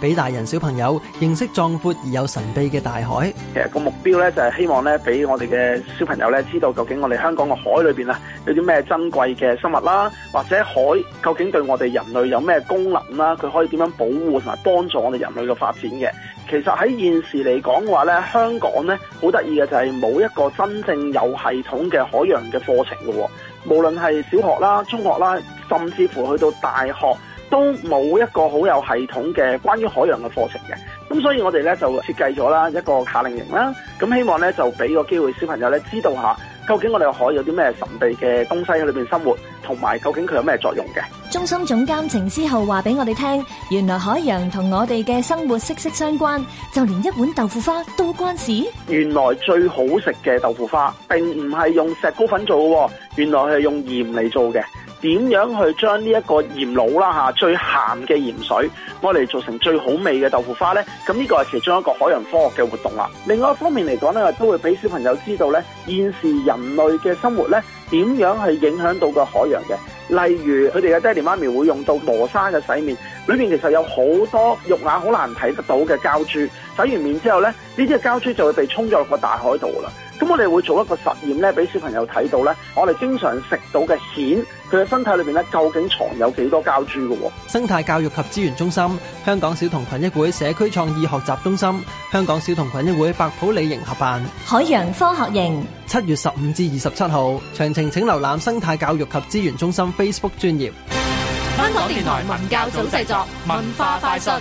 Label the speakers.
Speaker 1: 俾大人小朋友認識壯闊而有神秘嘅大海，
Speaker 2: 其實個目標咧就係希望咧俾我哋嘅小朋友咧知道究竟我哋香港嘅海裏邊啊有啲咩珍貴嘅生物啦，或者海究竟對我哋人類有咩功能啦，佢可以點樣保護同埋幫助我哋人類嘅發展嘅。其實喺現時嚟講嘅話咧，香港咧好得意嘅就係冇一個真正有系統嘅海洋嘅課程嘅，無論係小學啦、中學啦，甚至乎去到大學。都冇一個好有系統嘅關於海洋嘅課程嘅，咁所以我哋咧就設計咗啦一個夏令營啦，咁希望咧就俾個機會小朋友咧知道下，究竟我哋海有啲咩神秘嘅東西喺裏邊生活，同埋究竟佢有咩作用嘅。
Speaker 1: 中心總監程之後話俾我哋聽，原來海洋同我哋嘅生活息息相關，就連一碗豆腐花都關事。
Speaker 2: 原來最好食嘅豆腐花，並唔係用石膏粉做，原來係用鹽嚟做嘅。點樣去將呢一個鹽滷啦吓，最鹹嘅鹽水，過嚟做成最好味嘅豆腐花呢？咁呢個係其中一個海洋科學嘅活動啦。另外一方面嚟講呢，都會俾小朋友知道呢，現時人類嘅生活呢點樣係影響到個海洋嘅。例如佢哋嘅爹地媽咪會用到磨砂嘅洗面，裏面其實有好多肉眼好難睇得到嘅膠珠。洗完面之後呢，呢啲膠珠就會被沖咗落個大海度啦。我哋會做一個實驗咧，俾小朋友睇到咧，我哋經常食到嘅蜆，佢嘅身體裏邊咧，究竟藏有幾多膠珠嘅？
Speaker 1: 生態教育及資源中心、香港小童群益會社區創意學習中心、香港小童群益會白普理營合辦海洋科學營，七月十五至二十七號，詳情請瀏覽生態教育及資源中心 Facebook 專頁。
Speaker 2: 香港電台文教組製作，文化快訊。